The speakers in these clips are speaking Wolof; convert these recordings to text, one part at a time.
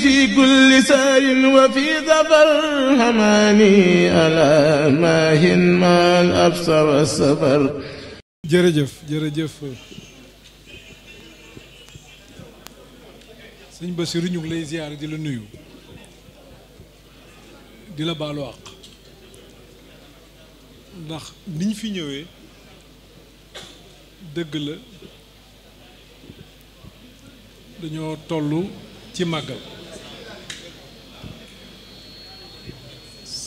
في كل سار وفي ظفر حماني ألا ماهن ما الأبصر والسفر jërëjëf jërëjëf sëñ Basiru ñu lay ziyaar di la nuyu di la baalu àq ndax niñ fi ñëwee dëgg la dañoo tollu ci màggal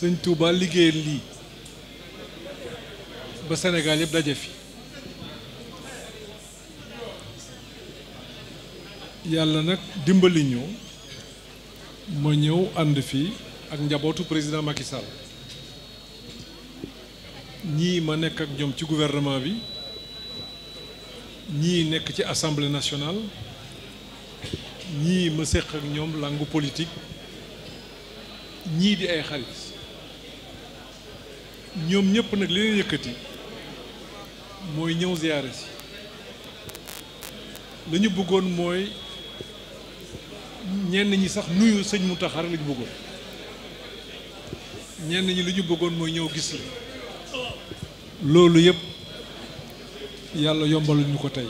sëñ Touba liggéey lii ba Sénégal yëpp daje fi yàlla nag dimbali ñu ma ñëw ànd fii ak njabootu président makisal ñii ma nekk ak ñoom ci gouvernement bi ñii nekk ci assemblée nationale ñii ma séq ak ñoom langue politique ñii di ay xarit ñoom ñëpp nag li leen yëkkati mooy ñëw ziyaare si la ñu bëggoon mooy ñenn ñi sax nuyu sëñ mu la ñu bëggoon ñenn ñi li bëggoon mooy ñëw gis la loolu yëpp yàlla yombalu ñu ko tey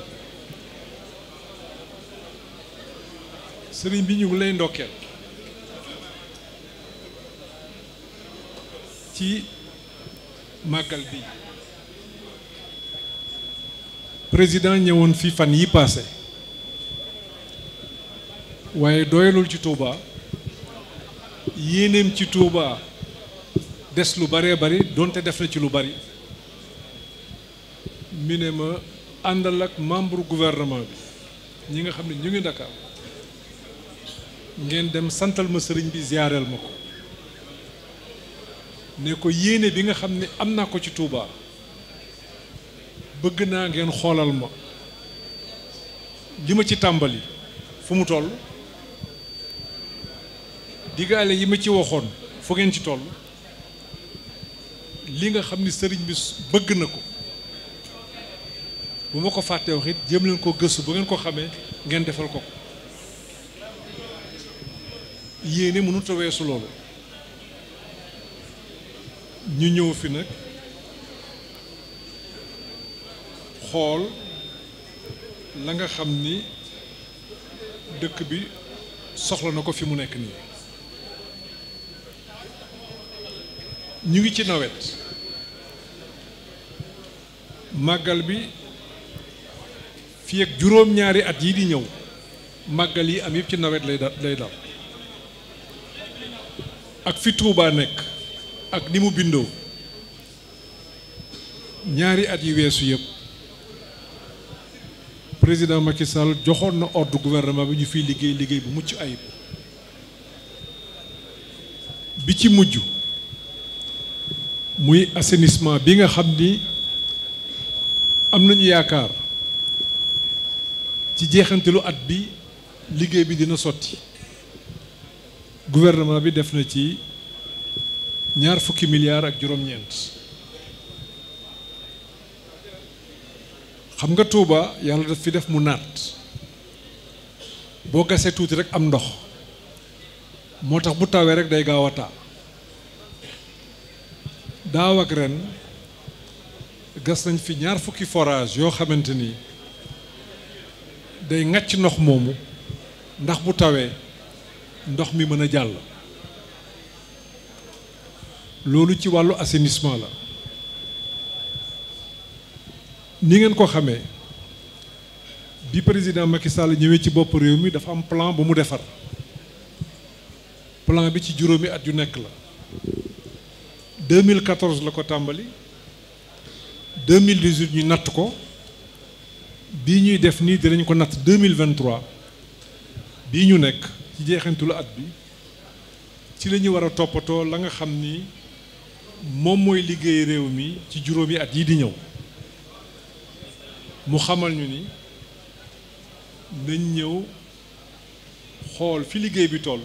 sëriñ bi ñu ngi lay ndokkeel ci màggal bi président ñëwoon fi fan yi passé waaye doyalul ci Touba yéeneem ci Touba des lu baree bari donte def na ci lu bari mi ne ma àndal ak membre gouvernement bi ñi nga xam ne ñu ngi Dakar ngeen dem santal ma sëriñ bi ziareel ma ko ne ko yéene bi nga xam ne am naa ko ci Touba bëgg naa ngeen xoolal ma li ma ci tàmbali fu mu toll digaale yi ma ci waxoon fu ngeen ci toll li nga xam ni sëriñ bi bëgg na ko bu ma ko fàttee wax it leen ko gëstu bu ngeen ko xamee ngeen defal ko ko yéene mënut a weesu ñu ñëw fi nag xool la nga xam ni dëkk bi soxla na ko fi mu nekk nii ñu ngi ci nawet màggal bi fii ak juróom-ñaari at yi di ñëw màggal yi am yëpp ci nawet lay dal lay dal ak fi Tuubaa nekk ak ni mu bindoo ñaari at yi weesu yëpp président Macky joxoon na ordre gouvernement bi ñu fiy liggéey liggéey bu mucc ayib bi ci mujj muy assainissement bi nga xam ni am nañu yaakaar ci jeexantelu at bi liggéey bi dina sotti gouvernement bi def na ci ñaar fukki ak juróom xam nga tuuba yàlla daf fi def mu naat boo gasee tuuti rek am ndox moo tax bu tawee rek day gaaw a taa daaw ak ren gas nañ fi ñaar fukki forage yoo xamante ni day ŋàcc ndox moomu ndax bu tawee ndox mi mën a jàll loolu ci wàllu assainissement la ni ngeen ko xamee bi président Macky Sall ñëwee ci bopp réew mi dafa am plan ba mu defar plan bi ci juróomi at yu nekk la 2014 la ko tàmbali 2018 ñu natt ko bii ñuy def nii dinañ ko natt 2023 bii ñu nekk ci jeexantu at bi ci lañuy ñu war a toppatoo la nga xam nii moom mooy liggéey réew mi ci juróomi at yi di ñëw mu xamal ñu ni nañ ñëw xool fi liggéey bi tool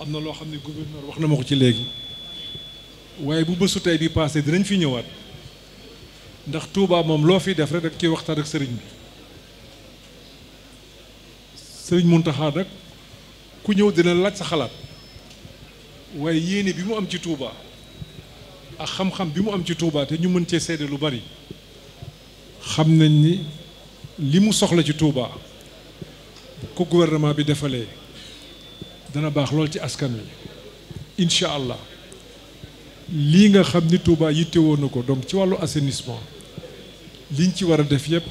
am na loo xam ne gouverneur wax na ma ko ci léegi waaye bu bësu tey bi passé dinañ fi ñëwaat ndax Touba moom loo fi def rek dañ koy waxtaan ak sëriñ bi sëriñ Mountakha nag ku ñëw dina laaj sa xalaat waaye yéene bi mu am ci tuubaa ak xam-xam bi mu am ci Touba te ñu mën cee seede lu bari xam nañ ni li mu soxla ci Touba ko gouvernement bi defalee dana baax lool ci askan wi incha allah lii nga xam ni Touba yitte woon na ko donc ci wàllu assainissement liñ ci war a def yëpp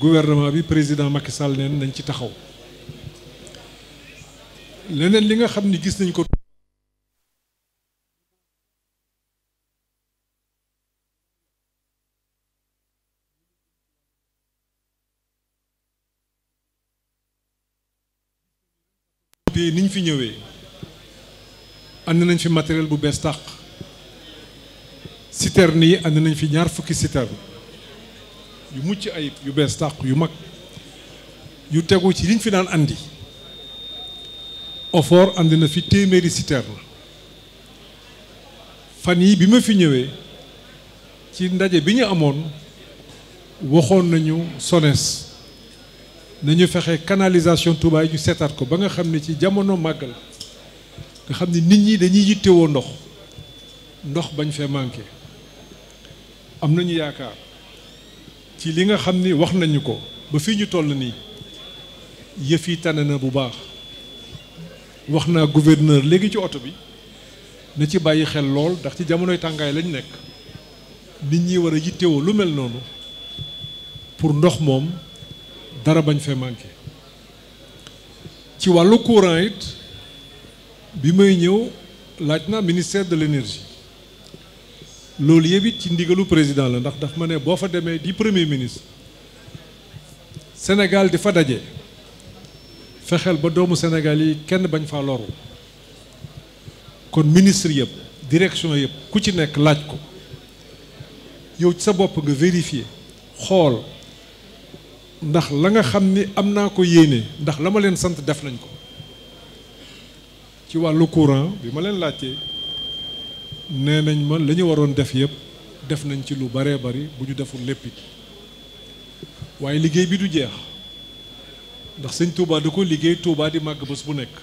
gouvernement bi président Macky Sall neen nañ ci taxaw leneen li nga xam ni gis nañ ko. pompiers ni fi ñëwee ànd nañ fi matériel bu bees tàq citerne yi ànd nañ fi ñaar fukki citerne yu mucc ayib yu bees tàq yu mag yu tegu ci liñ fi daan andi Ofor andi fi téeméeri citerne fan yi bi ma fi ñëwee ci ndaje bi ñu amoon waxoon nañu SONES nañu fexe canalisation tubaay yi seetaat ko ba nga xam ne ci jamono màggal nga xam ne nit ñi dañuy yittewoo ndox ndox bañ fee manqué am nañu yaakaar ci li nga xam ni wax nañu ko ba fi ñu toll nii yëf yi tane na bu baax wax naa gouverneur léegi ci oto bi na ci bàyyi xel lool ndax ci jamonoy tàngaay lañu nekk nit ñi war a yittewoo lu mel noonu pour ndox moom dara bañ fee manqué ci wàllu courant it bi may ñëw laaj na ministère de l'énergie loolu yëpp it ci ndigalu président la ndax dafa ma ne boo fa demee di premier ministre Sénégal di fa daje fexeel ba doomu Sénégal yi kenn bañ faa loru kon ministre yëpp direction yëpp ku ci nekk laaj ko yow ci sa bopp nga vérifier xool ndax la nga xam ni am naa ko yéene ndax la ma leen sant def nañ ko ci wàllu courant bi ma leen laajtee nee nañ ma lañu waroon def yëpp def nañ ci lu baree bari bu ñu deful léppi waaye liggéey bi du jeex ndax sëñ tuubaa da ko liggéey tuubaa di màgg bés bu nekk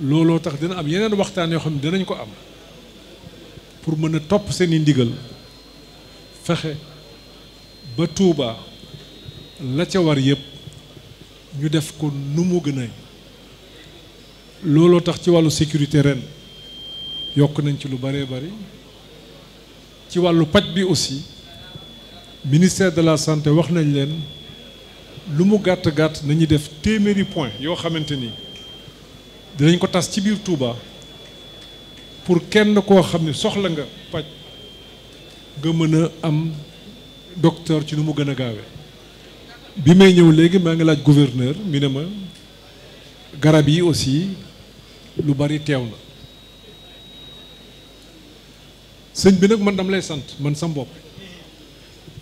looloo tax dina am yeneen waxtaan yoo xam ne dinañ ko am pour mën a topp seeni ndigal fexe ba tuubaa la ca war yëpp ñu def ko nu mu gën looloo tax ci wàllu sécurité ren yokk nañ ci lu bëree bëri ci wàllu paj bi aussi ministère de la santé wax nañ leen lu mu gàtt gàtt nañu def téeméeri point yoo xamante ni dinañ ko tas ci biir Touba pour kenn koo xam ne soxla nga paj nga mën a am docteur ci nu mu gën a gaawee. bi may ñëw léegi maa ngi laaj gouverneur mi ne ma garab yi aussi lu bari teew na sëñ bi nag man dam lay sant man sam bopp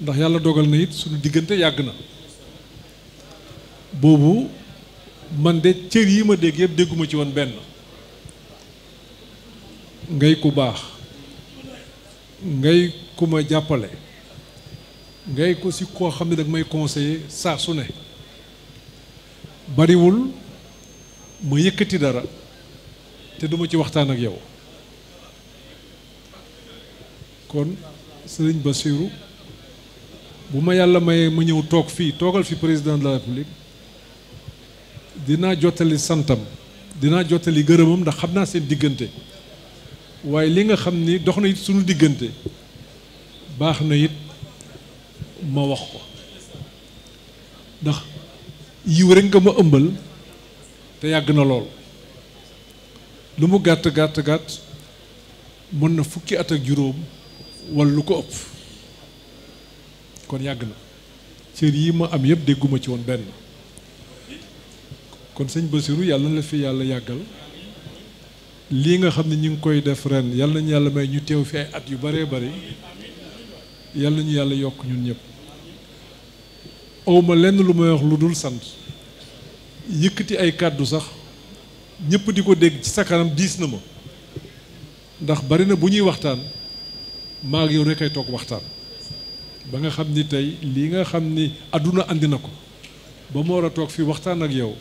ndax yàlla dogal na it suñu diggante yàgg na boobu man de cër yi ma dégg yëpp dégguma ci woon benn ngay ku baax ngay ku ma jàppale ngay ko si koo xam ne dag may conseiller saa su ne bariwul ma yëkkati dara te duma ci waxtaan ak yow kon sëriñ Bassirou bu ma yàlla mayee ma ñëw toog fii toogal fi président de la république dinaa jottali santam dinaa jottali gërëmam ndax xam naa seen diggante waaye li nga xam ni dox na it suñu diggante baax na it ma wax ko ndax yiw rek nga ma ëmbal te yàgg na lool lu mu gàtt gàtt gàtt mën na fukki at ak juróom wala lu ko ëpp kon yàgg na cër yi ma am yëpp dégguma ci woon benn kon sëñ Basiru yàlla na la fi yàlla yàggal lii nga xam ne ñu ngi koy def ren yàlla nañu yàlla may ñu teew fi ay at yu baree bari yàlla nañu yàlla yokk ñun ñëpp. awma lenn lu may wax lu dul sant yëkkati ay kàddu sax ñëpp di ko dégg ci sa kanam diis na ma ndax bari na bu ñuy waxtaan maa yow rek ay toog waxtaan ba nga xam ni tey lii nga xam ni àdduna andi na ko ba mu war a toog fii waxtaan ak yow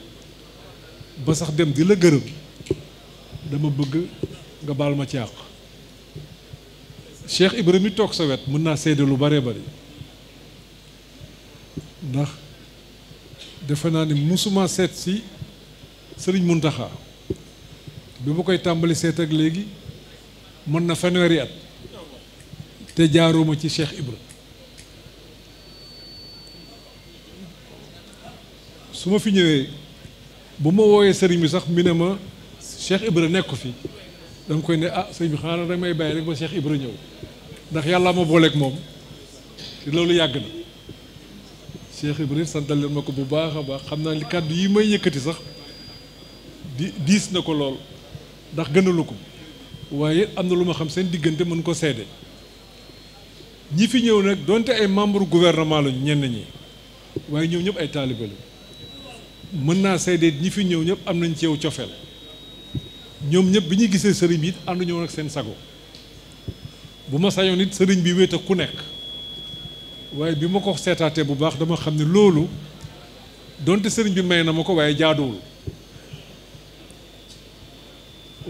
ba sax dem di la gërëm dama bëgg nga baal ma ci àq Cheikh Ibrahima mi toog sa wet mën naa seede lu baree bari ndax defe naa ni musuma seet si sëriñ mun Muntaxa bi ma koy tàmbali seet ak léegi mën na fanweeri at te jaaruma ci Cheikh Ibra su ma fi ñëwee bu ma wooyee sëriñ bi sax mu ne ma Cheikh Ibra nekk fi dama koy ne ah sëriñ bi xanaa nag may bàyyi rek ba Cheikh Ibra ñëw ndax yàllaa ma booleek moom te loolu yàgg na Cheikh Ibrahim santal leen ma ko bu baax a baax xam naa li kàddu yi may yëkkati sax di diis na ko lool ndax gënalu ko waaye am na lu ma xam seen diggante mën ko sedde ñi fi ñëw nag donte ay membre gouvernement lañu ñenn ñi waaye ñëw ñëpp ay taalibe la mën naa seede ñi fi ñëw ñëpp am nañ ci yow cofeel ñoom ñëpp bi ñu gisee sëriñ bi it ànduñoo nag seen sago bu ma sañoo it sëriñ bi wéet ku nekk waaye bi ma ko seetaatee bu baax dama xam ne loolu donte sëriñ bi may na ma ko waaye jaaduwul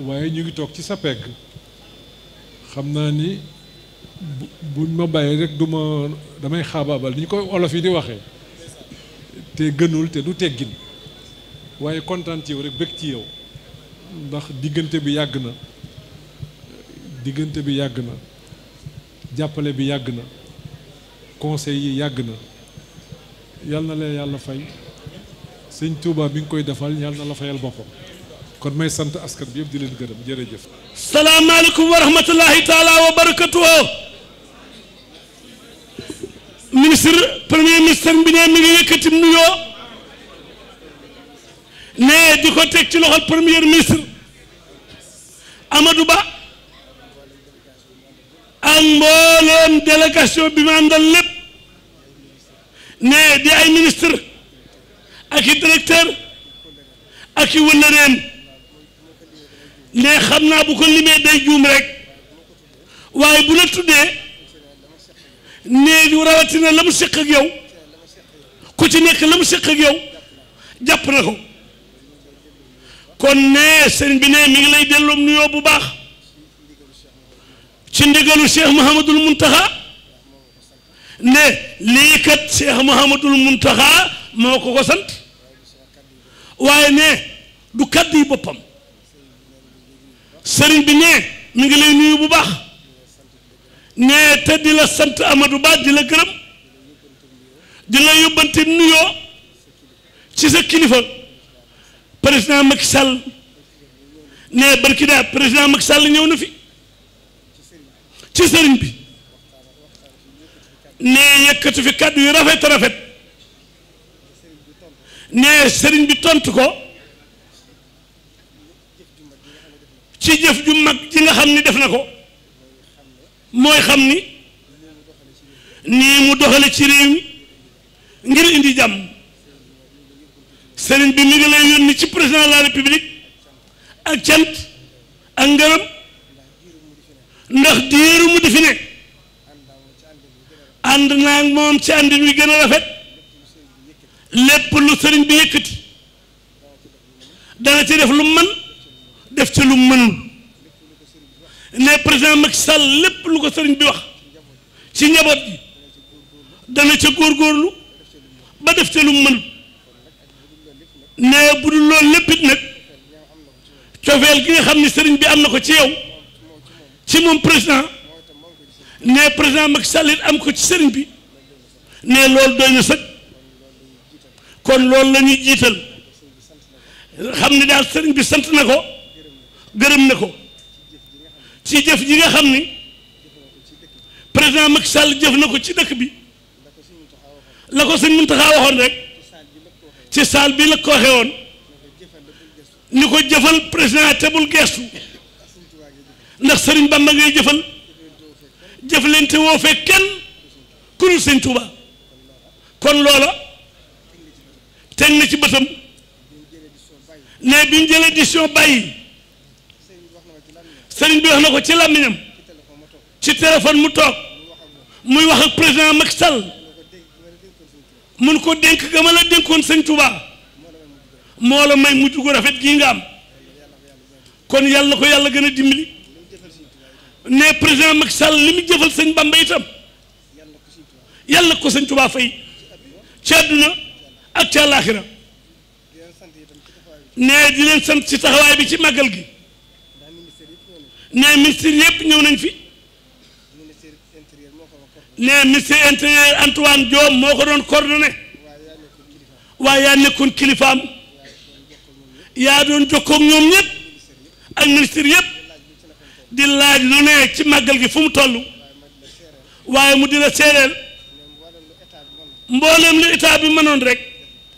waaye ñu ngi toog ci sa pegg xam naa ni bu buñ ma bàyyi rek du ma damay xaabaabal ni koy olof yi di waxee te gënul te du teggin waaye kontaan yow rek bëgg ci yow ndax diggante bi yàgg na diggante bi yàgg na jàppale bi yàgg na conseil yi yàgg na yal na leen yàlla fay sëñ Touba bi nga koy defal yal na la fayal boppam kon may sant askan bi yëpp di leen gërëm jërëjëf. salaamaaleykum wa rahmatulahi taala wa barakatu. ministre premier ministre bi ne mi ngi yëkkati nuyoo ne di ko teg ci loxol premier ministre Amadou Ba. mbooleem délégation bi ma àndal lépp ne di ay ministre ak i directeur ak i wëllëreem ne xam naa bu ko limee day juum rek waaye bu la tuddee ne rawatina la mu séq ak yow ku ci nekk la mu séq ak yow jàpp na ko kon ne sëriñ bi ne mi lay delloo nuyoo bu baax ci ndigalu cheikh Mouhamadul Muntaxa ne lii kat cheikh Mouhamadul Muntaxa moo ko ko sant waaye ne du kaddu yi boppam sëriñ bi ne mi ngi lay nuyu bu baax ne te di la sant Amadou Ba di la gërëm di la yóbbante nuyoo ci sa kilifa président Macky Sall ne barki président Macky Sall ñëw na fi. ci sëriñ bi nee yëkkati fi kàddu yu rafet rafet nee sëriñ bi tontu ko ci jëf ju mag ji nga xam ni def na ko mooy xam ni nii mu doxale ci réew mi ngir indi jàmm sëriñ bi mi ngi lay yónni ci président de la république ak cant ak ngërëm ndax diiru mu di fi ne ànd naa moom ci àndin wi gën a rafet lépp lu sëriñ bi yëkkati dana ci def lu mën def ci lu mënul ne président Macky Sall lépp lu ko sëriñ bi wax ci njaboot bi dana ca góorgóorlu ba def ca lu mën ne bu dul loolu lépp it nag cofeel gi nga xam ne sëriñ bi am na ko ci yow ci moom président ne président Macky Sall it am ko ci sëriñ bi ne loolu doy na sëg kon loolu la ñuy jiital xam ne daal sëriñ bi sant na ko gërëm na ko ci jëf ji nga xam ni président Macky Sall jëf na ko ci dëkk bi la ko sëñ Mountakha waxoon rek ci saal bi la ko waxee woon ni ko jëfal président te bul gestu ndax sëriñ Bamba ngay jëfal jëflante woo fekk kenn ku dul sëñ kon loola teg na ci bëtam ne bi ñu jël édition bàyyi sëriñ bi wax na ko ci làmmiñam ci téléphone mu toog muy wax ak président mag Sall mun ko dénk ga ma dénkoon sëñ Tuuba moo la may mu gu rafet gii nga am kon yàlla na ko yàlla gën a dimbali ne président Macky Sall li mu jëfal sëñ Bamba itam yàlla ko sëñ Tuubaa fay ci àdduna ak ci àllaaxira ne di leen ci taxawaay bi ci màggal gi ne ministre ñëw nañ fi ne ministre intérieur Antoine Diome moo ko doon coordonné waaye yaa nekkoon kilifaam yaa doon jokkoo ak ñoom ñëpp ak ministre yëpp di laaj lu ne ci màggal gi fu mu toll waaye mu dina seereel mbooleem lu état bi mënoon rek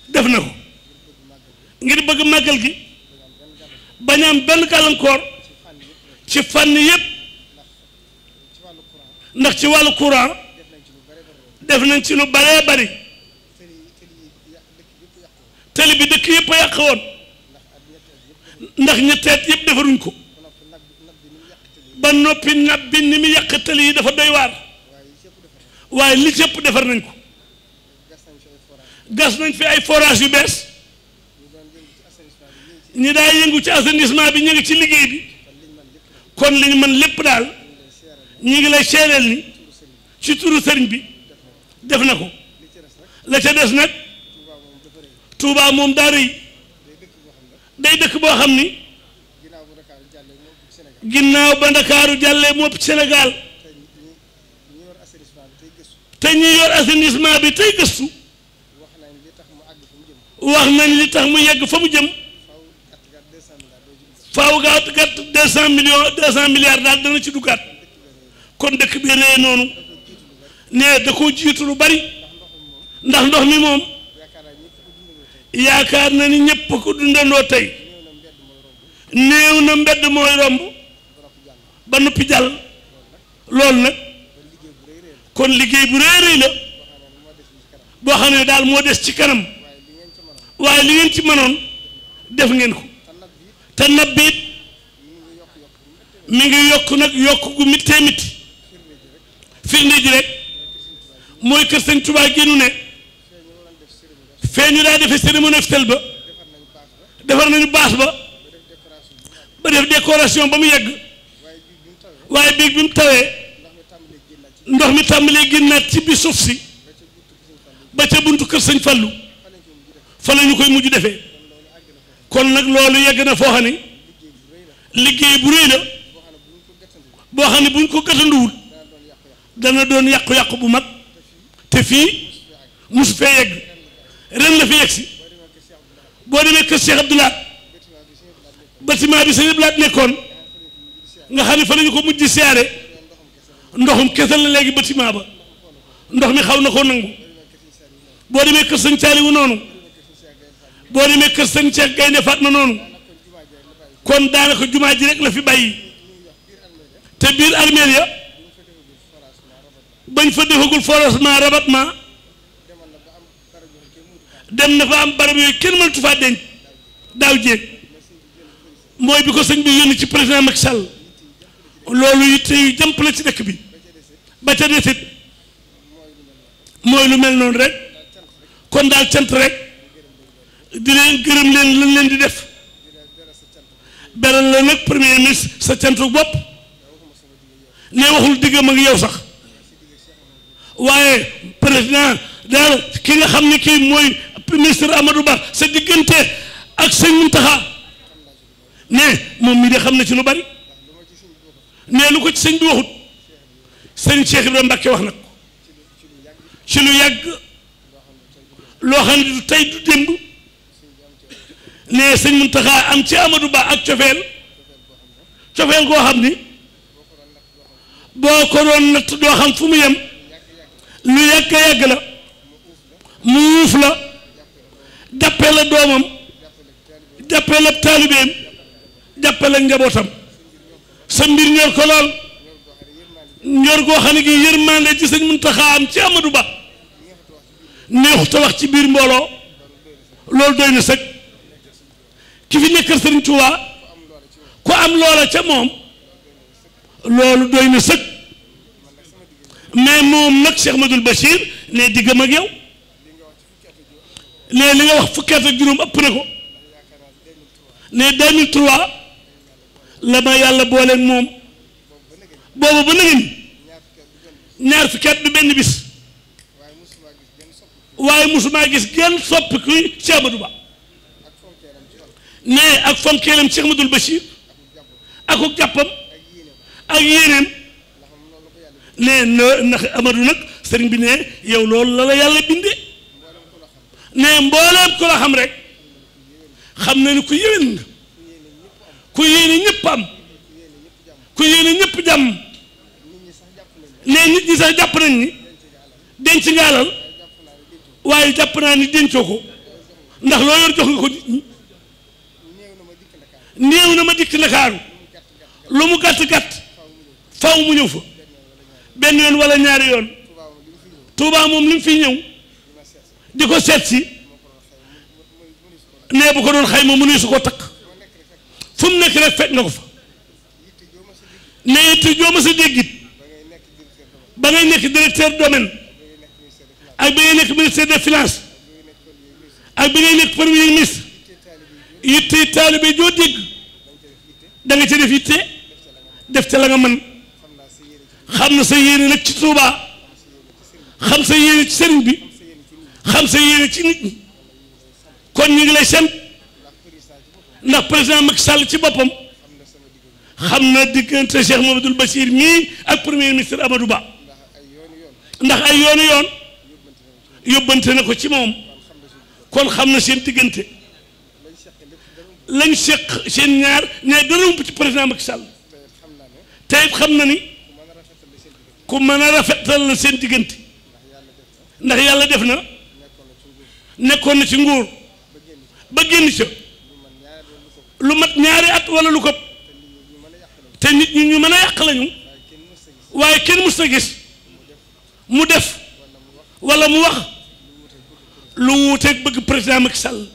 def na ko ngir bëgg màggal gi bañ benn gàllankoor ci fànn yépp ndax ci wàll courant def nañ ci lu baree bari tali bi dëkk yépp a yàq woon ndax ñetteet yépp defaruñ ko ba noppi nab bi ni mu yàq tali yi dafa doy waar waaye li cëpp defar nañ ko gas nañ fi ay forage yu bees ñi daa yëngu ci assainissement bi ñu ngi ci liggéey bi kon li ñu mën lépp daal ñu ngi lay seereel ni ci turu sëriñ bi def na ko la ca des nag Touba moom daa rëy day dëkk boo xam ni ginnaaw ba ndakaaru jàllee mopp Sénégal te ñu yor assainissement bi tey gëstu wax nañ li tax mu yegg fa mu jëm faaw gàtt gàtt deux cent daal dana ci duggaat kon dëkk bi nee noonu nee da koo jiitu lu bari ndax ndox mi moom yaakaar na ni ñëpp ko dundandoo tey néew na mbedd mooy romb ba noppi jàll loolu nag kon liggéey bu rëy rëy la boo xam ne daal moo des ci kanam waaye li ngeen ci manoon def ngeen ko te nabbiit mi ngi yokk nag yokk gu mittee mitti firnde ji rek mooy kër sëñ Tuubaa gi nu ne fee ñu daa defee cérémonie officielle ba defar nañu baas ba ba def décoration ba mu yegg waaye biig bi mu tawee ndox mi tàmbalee génnaat ci biir suuf si ba ca buntu kër sañ Fallou fa la ñu koy mujj defee kon nag loolu yegg na foo xam ne liggéey bu réy la boo xam ne bu ñu ko gàttanduwul dana doon yàqu-yàqu bu mag te fii musu fee yegg ren la fi yegg si boo demee kër Cheikh Abdoulaye bâtiment bi sëñ Abdoulaye nekkoon. nga xam ne fa lañu ko mujj seere ndoxum kesal la léegi bâtiment ba ndox mi xaw na koo nangu boo demee kër sëñ caaliwu noonu boo demee kër sëñ ceex gaynde faat ma noonu kon daanaka jumaa ji rek la fi bàyyi te biir armeel ya bañ fa defagul forcement rabattement dem na fa am barab yooyu kenn mënatu faa denc daaw jéeg mooy bi ko sëñ bi yónni ci président Macky Sall loolu yitte yu jëmp la ci dëkk bi ba ca desit mooy lu mel noonu rek kon daal cant rek di leen gërëm leen lan leen di def beral la nag premier ministre sa cantu bopp ne waxul diggam ak yow sax waaye président daal ki nga xam ne kii mooy ministre Amadou Ba sa diggante ak sëñ Mountakha ne moom mi de xam na ci lu bari nee lu ko ci sëñ bi waxut sëñ Cheikh Ibrahima Mbacke wax na ci lu yàgg loo xam ne du tey du démb nee sëñ Mountakha am ci Amadou baax ak cofeel cofeel koo xam ni boo ko doon natt doo xam fu mu yem lu yàgg yàgg la mu wuuf la jàppee la doomam jàppee la taalibeem jàppee la njabootam. sa mbir ñor ko lool ñor goo xam ne gi yërmande ci sëñ Muntaxa am ci Amadou Ba neexut a wax ci biir mboolo loolu doy na sëg ki fi nekkal sëriñ Tuubaa ku am loola ca moom loolu doy na sëg mais moom nag Cheikh Madul ne diggam ak yow ne li nga wax fukki at juróom ëpp na ko ne 2003 la ma yàlla booleeg moom boobu ba nëgën ñaar fukki at du benn bis waaye mosumaa gis genn soppiku Cheikh Amadou Ba nee ak fonkeelam Cheikh Amadou Bachir ak ko jàppam ak bi nee yow loolu la la yàlla bindee nee mbooleem ku la xam rek xam na ni ku yéwén ku yéene ñëpp am ku yéene ñëpp jàmm ne nit ñi sax jàpp nañ ni denc nga alal waaye jàpp naa ni dencoo ko ndax loo yor jox nga ko nit ñi na ma dikk Ndakaaru lu mu gàtt gàtt faw mu ñëw fa benn yoon wala ñaari yoon Touba moom li mu fiy ñëw di ko seet si nee bu ko doon xayma mu nuyu su ko takk nekk rek fekk nga ko fa ne yitte joo ma sa dégg ba ngay nekk directeur domaine ak ba ngay nekk ministère des finances ak ba ngay nekk premier ministre yitte taalibe joo dégg da ce ca def yitte def ca la nga mën xam na sa yéene nag ci Tuubaa xam sa yéene ci sëriñ bi xam sa yéene ci nit ñi kon ngi lay sant ndax président Macky Sall ci boppam xam na diggante Cheikh Mamadou Bachir mii ak premier ministre Amadou Ba ndax ay yoonu yoon yóbbante na ko ci moom kon xam na seen diggante lañ seq seen ñaar ñaar dara ump ci président Macky Sall te it xam na ni ku mën a rafetal na seen diggante ndax yàlla def na nekkoon na ci nguur ba génn ca. lu mat ñaari at walla lu ko te nit ñi ñu mën a yàq lañu waaye kenn mus sa gis mu def wala mu wax lu wuuteeg bëgg président Macky Sall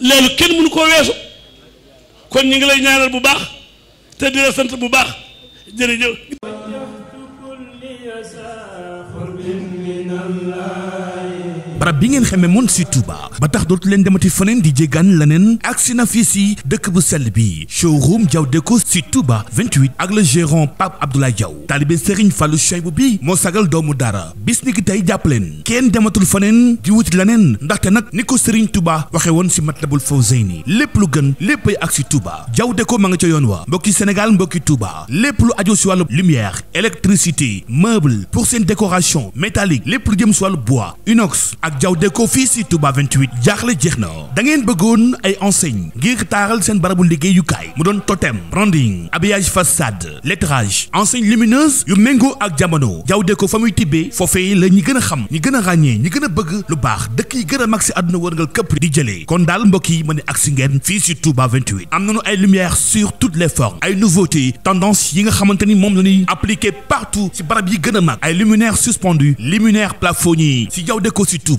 loolu kenn mënu koo weesu kon ñu ngi lay ñaanal bu baax te di bu baax jërëjëf. barab bi ngeen xamee moon si Touba ba tax dootu leen demati feneen di jéggaan leneen agsi na fii si dëkk bu sell bi showroom Diaw ko si Touba 28 ak le gérant Pape Abdoulaye Diaw taalibe Serigne Fallou Cheibou bi moo sagal doomu dara bis ni ki tey jàppaleen kenn dematul feneen di wuti leneen ndaxte nag ni ko Serigne Touba waxe woon si Matlabul Fawzayni lépp lu gën léppay ak si Touba Diaw ko ma nga ca yoon wa mbokki Sénégal mbokki Touba lépp lu ajo si wàllu lumière électricité meuble pour seen décoration métallique Pape Diaw Déco fii si Touba 28 jaaxle jeex na da ngeen bëggoon ay enseigne ngir taaral seen barabu liggéeyukaay mu doon totem branding habillage façade lettrage enseigne lumineuse yu méngoo ak jamono Diaw Déco fa muy tibbee foofee la ñi gën a xam ñi gën a ràññee ñi gën a bëgg lu baax dëkk yi gën a mag si àdduna wërngal këpp di jëlee kon daal mbokk yi ma ne ak si ngeen fii si Touba 28 am nañu ay lumière sur toutes le formes ay nouveautés tendance yi nga xamante ni moom la ñuy appliqué partout si yi gën a mag ay luminaire suspendu luminaire plafonnier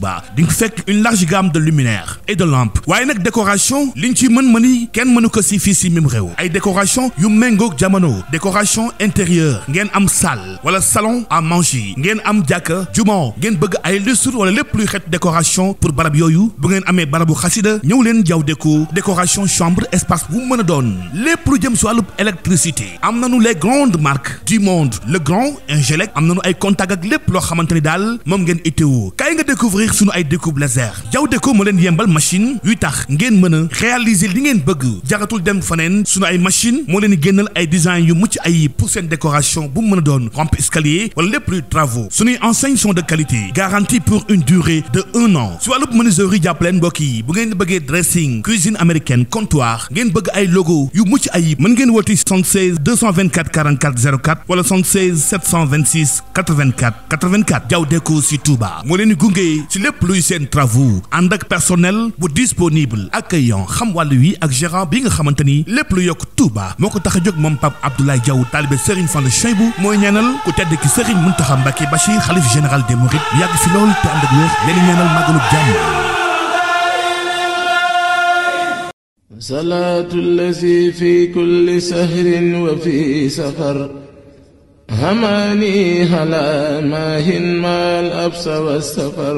Touba di nga fekk une large gamme de luminaires et de lampes waaye nag décoration liñ ci mën mëni kenn mënu ko si si mim ay décoration yu méngoog jamono décoration intérieure ngeen am salle wala salon à manger ngeen am jàkka jumaa ngeen bëgg ay lustre wala lépp luy xeet décoration pour barab yooyu bu ngeen amee barabu xasida ñëw leen jaw déco décoration chambre espace bu mën a doon lépp lu jëm si wàllu électricité am nañu les grandes marques du monde le grand Ingelec am nañu ay contact ak lépp loo xamante ni daal moom ngeen itteewu sunu ay découpe laser jaw déko moo leen yembal machine yuy tax ngeen mën a li ngeen bëgg jaratul dem su sunu ay machine moo leen génnal ay design yu mucc ay pour seen décoration bu mu mën a doon rampe escalier wala lépp luy travaux sunuy enseignes sont de qualité garantie pour une durée de un an si wàllub menuiserie jàppaleen mbokk yi bu ngeen bëggee dressing cuisine américaine comptoir ngeen bëgg ay logo yu mucc ayib mën ngeen woti 76 224 44 04 wala 76 726 84 84 jaw déko si Touba moo leen gunge ci lépp luy seen travaux ànd personnel bu disponible accueillant xam wàllu wi ak gérant bi nga xamante ni lépp lu yokk Touba moo ko tax a jóg moom Pape Abdoulaye Diaw taalibe Serigne Fallou Cheibou mooy ñaanal ku tedd ki Bachir xalif général des Mourides yàgg fi lool te ànd ak wér leen ñaanal màggalu fi kulli sahrin wa fi safar hamaani halaa maahin maal absa wa safar